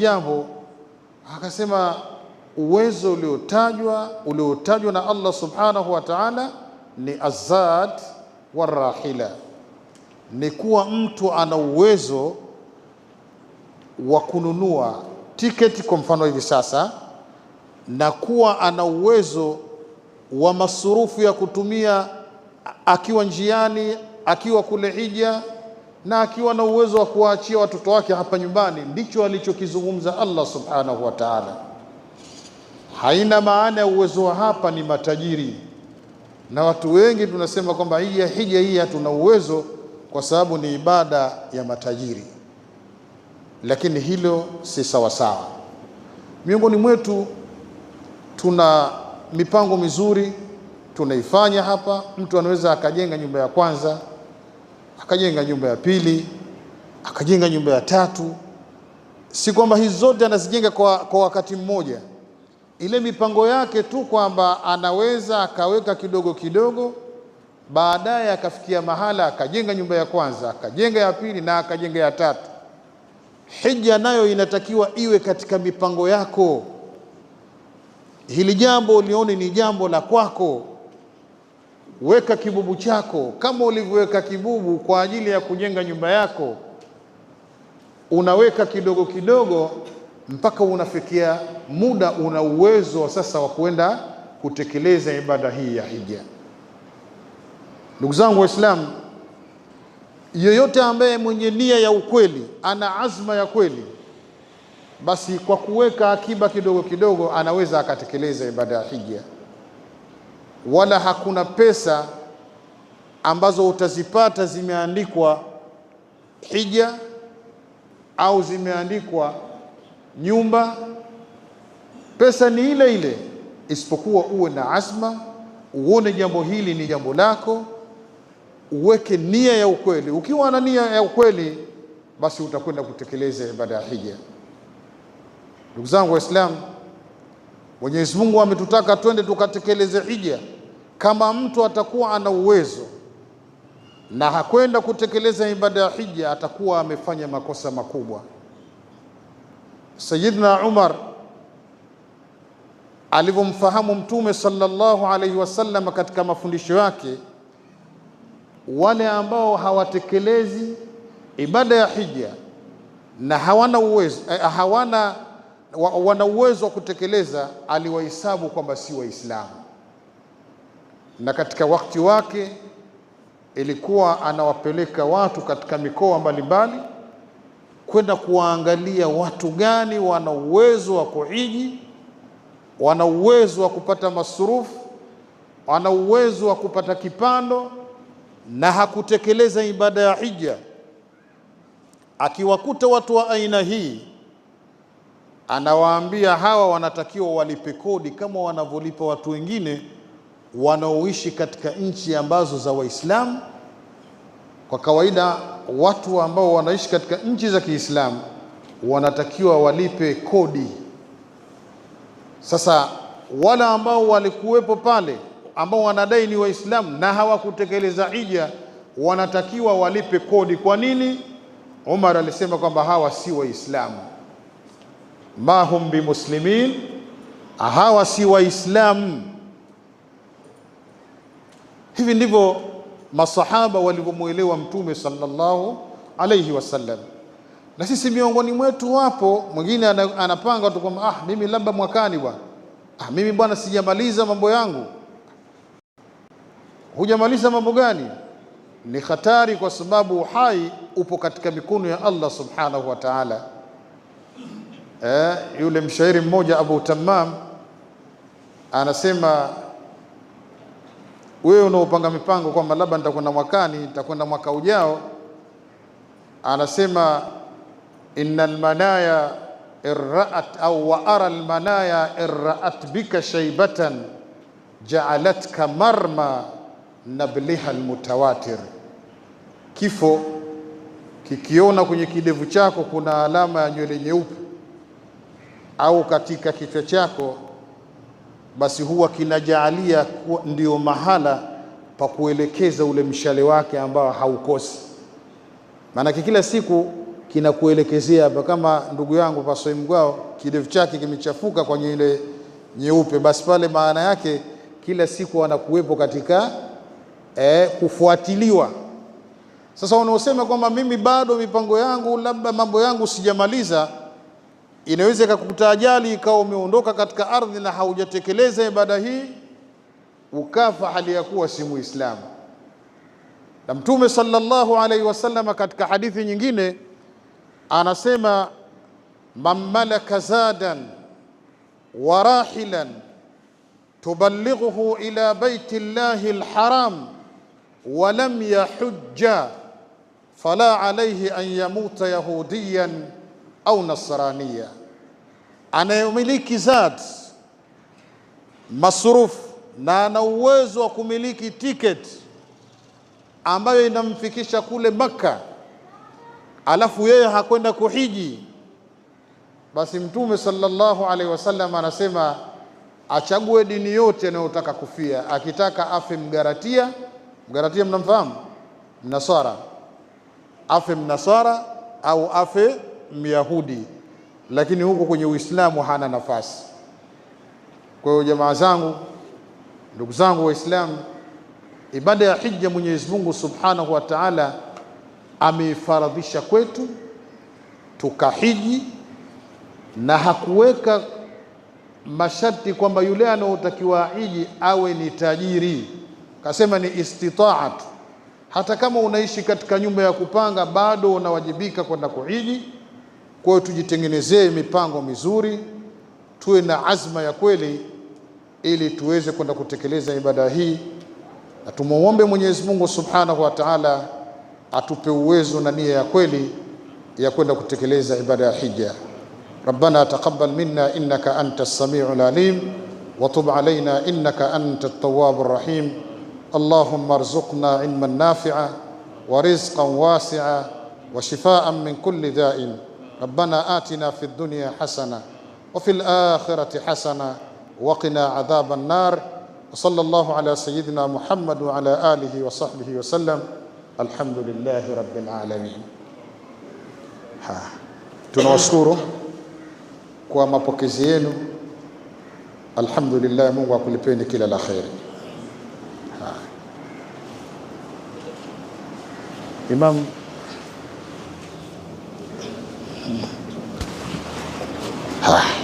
jambo, akasema uwezo uliotajwa uliotajwa na Allah subhanahu wa ta'ala ni azad warahila, ni kuwa mtu ana uwezo wa kununua tiketi kwa mfano hivi sasa, na kuwa ana uwezo wa masurufu ya kutumia akiwa njiani, akiwa kule hija na akiwa na uwezo wa kuwaachia watoto wake hapa nyumbani. Ndicho alichokizungumza Allah subhanahu wa ta'ala. Haina maana ya uwezo wa hapa ni matajiri, na watu wengi tunasema kwamba hii hija hii hatuna uwezo, kwa sababu ni ibada ya matajiri, lakini hilo si sawasawa. Miongoni mwetu tuna mipango mizuri tunaifanya hapa, mtu anaweza akajenga nyumba ya kwanza akajenga nyumba ya pili, akajenga nyumba ya tatu. Si kwamba hizi zote anazijenga kwa, kwa wakati mmoja, ile mipango yake tu kwamba anaweza akaweka kidogo kidogo, baadaye akafikia mahala akajenga nyumba ya kwanza, akajenga ya pili na akajenga ya tatu. Hija nayo inatakiwa iwe katika mipango yako. Hili jambo lione ni jambo la kwako weka kibubu chako kama ulivyoweka kibubu kwa ajili ya kujenga nyumba yako, unaweka kidogo kidogo mpaka unafikia muda una uwezo sasa wa kwenda kutekeleza ibada hii ya hija. Ndugu zangu Waislamu, yoyote ambaye mwenye nia ya ukweli ana azma ya kweli, basi kwa kuweka akiba kidogo kidogo anaweza akatekeleza ibada ya hija wala hakuna pesa ambazo utazipata zimeandikwa hija au zimeandikwa nyumba. Pesa ni ile ile, isipokuwa uwe na azma, uone jambo hili ni jambo lako, uweke nia ya ukweli. Ukiwa na nia ya ukweli, basi utakwenda kutekeleza ibada ya hija. Ndugu zangu Waislamu, Mwenyezi Mungu ametutaka twende tukatekeleze hija. Kama mtu atakuwa ana uwezo na hakwenda kutekeleza ibada ya hija, atakuwa amefanya makosa makubwa. Sayyidina Umar alivyomfahamu Mtume sallallahu alaihi wasallam katika mafundisho yake, wale ambao hawatekelezi ibada ya hija na hawana uwezo, eh, hawana wana uwezo wa kutekeleza, aliwahesabu kwamba si Waislamu na katika wakati wake ilikuwa anawapeleka watu katika mikoa mbalimbali kwenda kuwaangalia watu gani wana uwezo wa kuhiji, wana uwezo wa kupata masurufu, wana uwezo wa kupata kipando, na hakutekeleza ibada ya hija. Akiwakuta watu wa aina hii, anawaambia hawa wanatakiwa walipe kodi kama wanavyolipa watu wengine wanaoishi katika nchi ambazo za Waislamu. Kwa kawaida watu ambao wanaishi katika nchi za Kiislamu wanatakiwa walipe kodi. Sasa wale ambao walikuwepo pale ambao wanadai ni Waislamu na hawakutekeleza ija wanatakiwa walipe kodi. Kwa nini? Umar alisema kwamba hawa si Waislamu, mahum bimuslimin, hawa si Waislamu Hivi ndivyo masahaba walivyomwelewa Mtume sallallahu alaihi wasallam. Na sisi miongoni mwetu wapo mwingine anapanga tu kwamba ah, mimi labda mwakani bwana, ah, mimi bwana sijamaliza mambo yangu. Hujamaliza mambo gani? Ni hatari, kwa sababu uhai upo katika mikono ya Allah subhanahu wa ta'ala. Eh, yule mshairi mmoja Abu Tamam anasema wewe unaopanga mipango kwamba labda nitakwenda mwakani, nitakwenda mwaka ujao, anasema inna almanaya irraat au wa ara almanaya irraat bika shaybatan jaalatka marma nabliha almutawatir, kifo kikiona kwenye kidevu chako kuna alama ya nywele nyeupe au katika kichwa chako basi huwa kinajaalia ndio mahala pa kuelekeza ule mshale wake ambao haukosi. Maanake kila siku kinakuelekezea hapa, kama ndugu yangu Pasoi Mgwao kidevu chake kimechafuka kwenye ile nyeupe, basi pale maana yake kila siku anakuwepo katika eh, kufuatiliwa. Sasa unaosema kwamba mimi bado mipango yangu labda mambo yangu sijamaliza inaweza ikakukuta ajali ikawa umeondoka katika ardhi na haujatekeleza ibada hii ukafa hali ya kuwa si muislamu na mtume sallallahu alaihi wasallam katika hadithi nyingine anasema man malaka zadan wa rahilan tuballighuhu ila baiti llahi lharam lam yahujja fala alaihi an yamuta yahudiyan au nasrania, anayemiliki zat masrufu na ana uwezo wa kumiliki tiketi ambayo inamfikisha kule Makka, alafu yeye hakwenda kuhiji, basi Mtume sallallahu alaihi wasallam anasema achague dini yote anayotaka kufia. Akitaka afe Mgaratia, Mgaratia mnamfahamu, Mnasara, afe Mnasara au afe Myahudi, lakini huko kwenye Uislamu hana nafasi. Kwa hiyo jamaa zangu, ndugu zangu Waislamu, ibada ya hija Mwenyezi Mungu Subhanahu wa Ta'ala ameifaradhisha kwetu tukahiji, na hakuweka masharti kwamba yule anayotakiwa hiji awe ni tajiri, kasema ni istitaatu. Hata kama unaishi katika nyumba ya kupanga bado unawajibika kwenda kuhiji kwa hiyo tujitengenezee mipango mizuri, tuwe na azma ya kweli, ili tuweze kwenda kutekeleza ibada hii, na tumuombe Mwenyezi Mungu Subhanahu wa Ta'ala atupe uwezo na nia ya kweli ya kwenda kutekeleza ibada ya hija. Rabbana taqabbal minna innaka anta as lalim alim wa tub alayna innaka anta at rahim. Allahumma rzuqna ilman nafi'a wa rizqan wasi'a wa shifaa'an min kulli dhain ربنا آتنا في الدنيا حسنة وفي الآخرة حسنة وقنا عذاب النار وصلى الله على سيدنا محمد وعلى آله وصحبه وسلم الحمد لله رب العالمين ها tunawashukuru kwa mapokezi yenu alhamdulillah mungu akulipeni kila la kheri إمام 好。了。